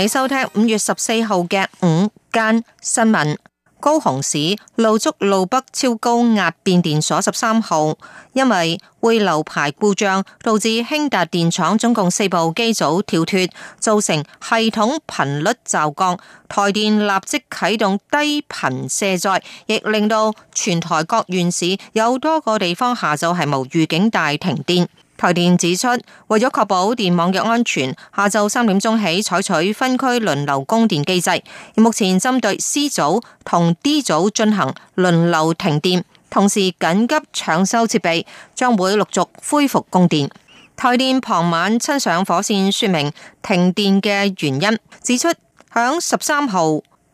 你收聽五月十四號嘅午間新聞，高雄市路竹路北超高壓變電所十三號因為匯流排故障，導致興達電廠總共四部機組跳脫，造成系統頻率驟降，台電立即啟動低頻卸載，亦令到全台各縣市有多個地方下晝係無預警大停電。台電指出，為咗確保電網嘅安全，下晝三點鐘起採取分區輪流供電機制，而目前針對 C 組同 D 組進行輪流停電，同時緊急搶修設備將會陸續恢復供電。台電傍晚親上火線說明停電嘅原因，指出響十三號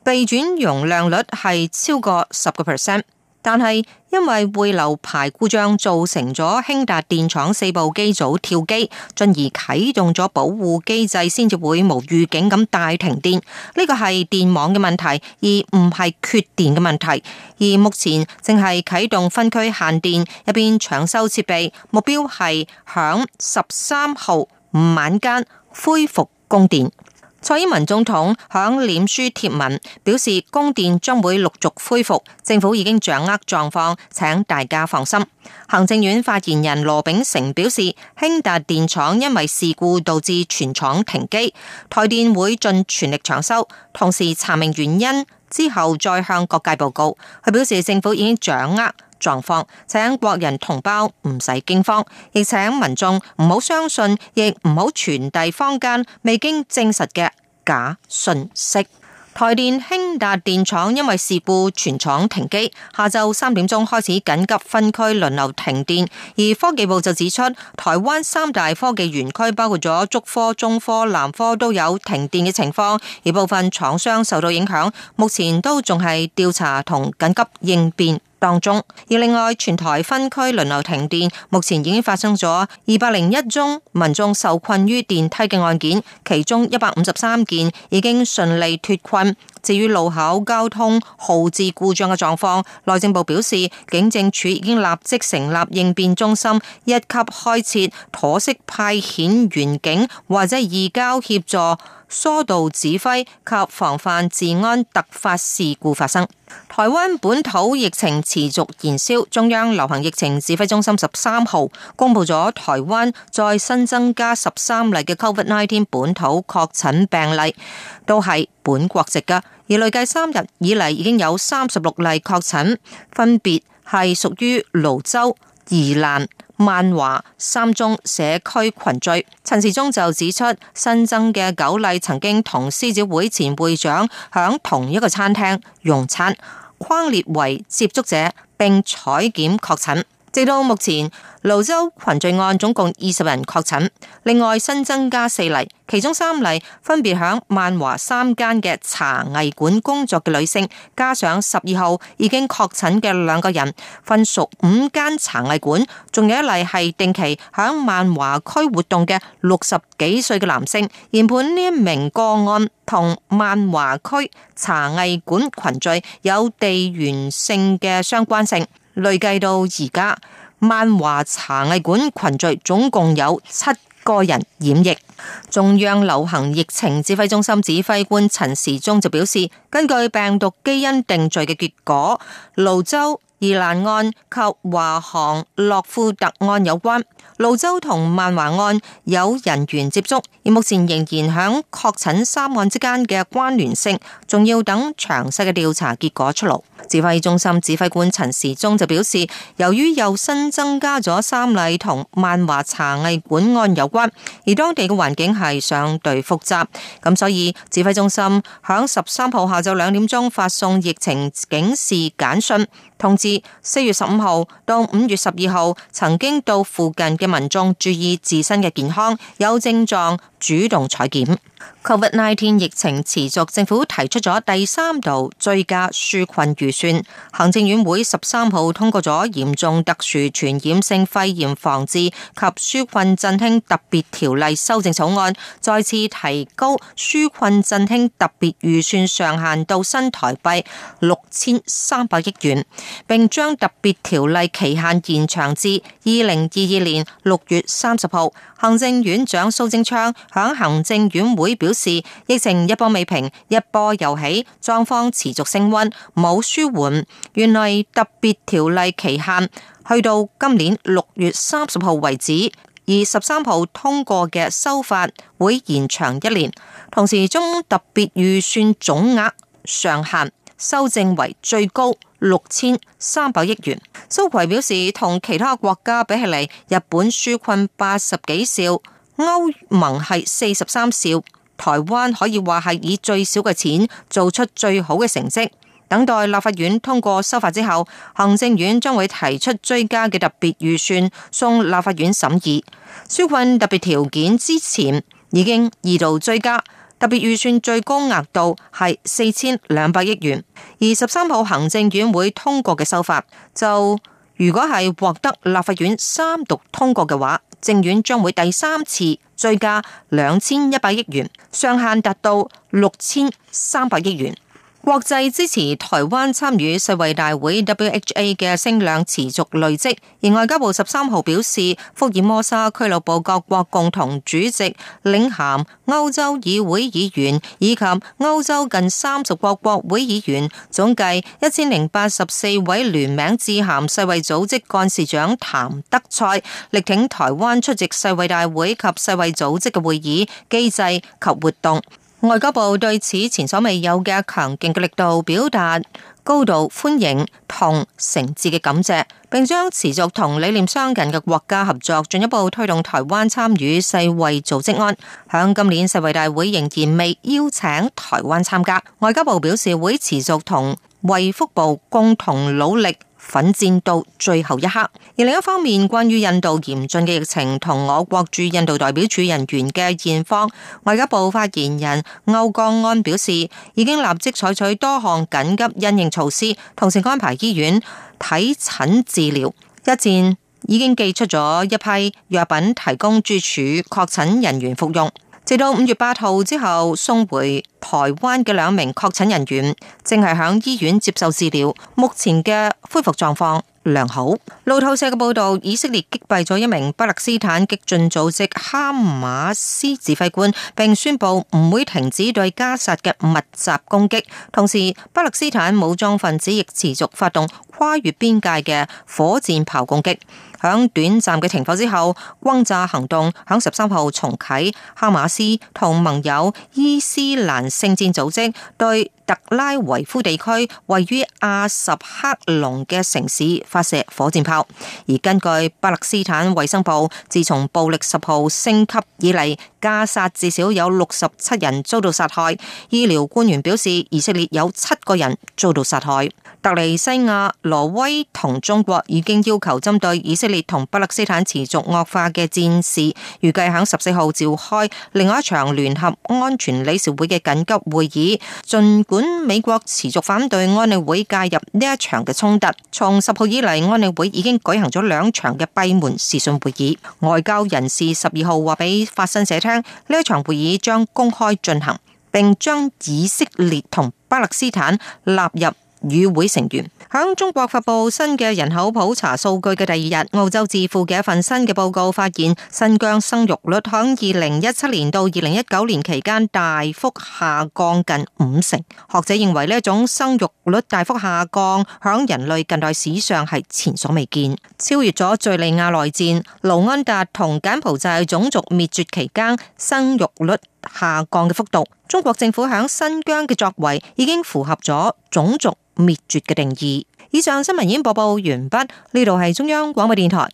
備轉容量率係超過十個 percent。但係因為匯流排故障造成咗興達電廠四部機組跳機，進而啟動咗保護機制，先至會無預警咁大停電。呢個係電網嘅問題，而唔係缺電嘅問題。而目前淨係啟動分區限電，一邊搶修設備，目標係響十三號晚間恢復供電。蔡英文總統響臉書貼文表示，供電將會陸續恢復，政府已經掌握狀況，請大家放心。行政院發言人羅秉成表示，興達電廠因為事故導致全廠停機，台電會盡全力搶修，同時查明原因之後再向各界報告。佢表示，政府已經掌握狀況，請國人同胞唔使驚慌，亦請民眾唔好相信，亦唔好傳遞坊間未經證實嘅假訊息。台電興達電廠因為事故，全廠停機，下晝三點鐘開始緊急分區輪流停電。而科技部就指出，台灣三大科技園區包括咗竹科、中科、南科都有停電嘅情況，而部分廠商受到影響，目前都仲係調查同緊急應變當中，而另外全台分區輪流停電，目前已經發生咗二百零一宗民眾受困於電梯嘅案件，其中一百五十三件已經順利脫困。至於路口交通號誌故障嘅狀況，內政部表示，警政署已經立即成立應變中心，一級開設，妥適派遣員警或者移交協助疏導指揮及防範治安突發事故發生。台灣本土疫情持續燃燒，中央流行疫情指揮中心十三號公布咗台灣再新增加十三例嘅 COVID-19 本土確診病例，都係本國籍㗎。而累計三日以嚟已經有三十六例確診，分別係屬於蘆洲、宜蘭、萬華三宗社區群聚。陳時中就指出，新增嘅九例曾經同獅子會前會長響同一個餐廳用餐，匡列為接觸者並採檢確診。直到目前，瀘州群聚案總共二十人確診，另外新增加四例，其中三例分別響萬華三間嘅茶藝館工作嘅女性，加上十二號已經確診嘅兩個人，分屬五間茶藝館，仲有一例係定期響萬華區活動嘅六十幾歲嘅男性。原本呢一名個案同萬華區茶藝館群聚有地緣性嘅相關性。累計到而家，萬華茶藝館群聚總共有七個人染疫。中央流行疫情指揮中心指揮官陳時中就表示，根據病毒基因定序嘅結果，蘆洲。而宜蘭案及華航諾富特案有關，蘆洲同萬華案有人員接觸，而目前仍然響確診三案之間嘅關聯性，仲要等詳細嘅調查結果出爐。指揮中心指揮官陳時中就表示，由於又新增加咗三例同萬華茶藝館案有關，而當地嘅環境係相對複雜，咁所以指揮中心響十三號下晝兩點鐘發送疫情警示簡訊。通知：四月十五號到五月十二號曾經到附近嘅民眾，注意自身嘅健康，有症狀，主動採檢。COVID-19 疫情持續，政府提出咗第三度追加紓困預算。行政院會十三號通過咗嚴重特殊傳染性肺炎防治及紓困振興特別條例修正草案，再次提高紓困振興特別預算上限到新台幣六千三百億元，並將特別條例期限延長至二零二二年六月三十號。行政院長蘇貞昌。港行政院會表示，疫情一波未平，一波又起，狀況持續升溫，冇舒緩。原來特別條例期限去到今年六月三十號為止，而十三號通過嘅修法會延長一年，同時中特別預算總額上限修正為最高六千三百億元。蘇揆表示，同其他國家比起嚟，日本紓困八十幾兆。歐盟係四十三兆，台灣可以話係以最少嘅錢做出最好嘅成績。等待立法院通過修法之後，行政院將會提出追加嘅特別預算送立法院審議。紓困特別條件之前已經二度追加特別預算，最高額度係四千兩百億元。而十三號行政院會通過嘅修法，就如果係獲得立法院三讀通過嘅話。政院將會第三次追加兩千一百億元，上限達到六千三百億元。國際支持台灣參與世衛大會 （WHA） 嘅聲量持續累積，而外交部十三號表示，福爾摩沙俱樂部各國共同主席領銜歐洲議會議員以及歐洲近三十國國會議員，總計一千零八十四位聯名致函世衛組織幹事長譚德賽，力挺台灣出席世衛大會及世衛組織嘅會議機制及活動。外交部對此前所未有嘅強勁嘅力度，表達高度歡迎同誠摯嘅感謝，並將持續同理念相近嘅國家合作，進一步推動台灣參與世衛組織案。安響今年世衛大會仍然未邀請台灣參加，外交部表示會持續同衛福部共同努力。奮戰到最後一刻。而另一方面，關於印度嚴峻嘅疫情同我國駐印度代表處人員嘅現況，外交部發言人歐江安表示，已經立即採取多項緊急因應措施，同時安排醫院睇診治療。一戰已經寄出咗一批藥品，提供駐處確診人員服用。直到五月八號之後送回台灣嘅兩名確診人員，正係響醫院接受治療，目前嘅恢復狀況良好。路透社嘅報道，以色列擊斃咗一名巴勒斯坦激進組織哈馬斯指揮官，並宣布唔會停止對加薩嘅密集攻擊。同時，巴勒斯坦武裝分子亦持續發動。跨越邊界嘅火箭炮攻擊，響短暫嘅停火之後，轟炸行動響十三號重啟。哈馬斯同盟友伊斯蘭聖戰組織對特拉維夫地區位於阿什克隆嘅城市發射火箭炮。而根據巴勒斯坦衛生部，自從暴力十號升級以嚟，加薩至少有六十七人遭到殺害。醫療官員表示，以色列有七個人遭到殺害。特尼西亞。挪威同中國已經要求針對以色列同巴勒斯坦持續惡化嘅戰事，預計喺十四號召開另外一場聯合安全理事會嘅緊急會議。盡管美國持續反對安理會介入呢一場嘅衝突，從十號以嚟，安理會已經舉行咗兩場嘅閉門視訊會議。外交人士十二號話俾法新社聽，呢一場會議將公開進行，並將以色列同巴勒斯坦納入。與會成員喺中國發佈新嘅人口普查數據嘅第二日，澳洲智庫嘅一份新嘅報告發現，新疆生育率喺二零一七年到二零一九年期間大幅下降近五成。學者認為呢一種生育率大幅下降，響人類近代史上係前所未見，超越咗敘利亞內戰、盧安達同柬埔寨種族滅絕期間生育率，下降嘅幅度，中國政府響新疆嘅作為已經符合咗種族滅絕嘅定義。以上新聞已經播報報完畢，呢度係中央廣播電台。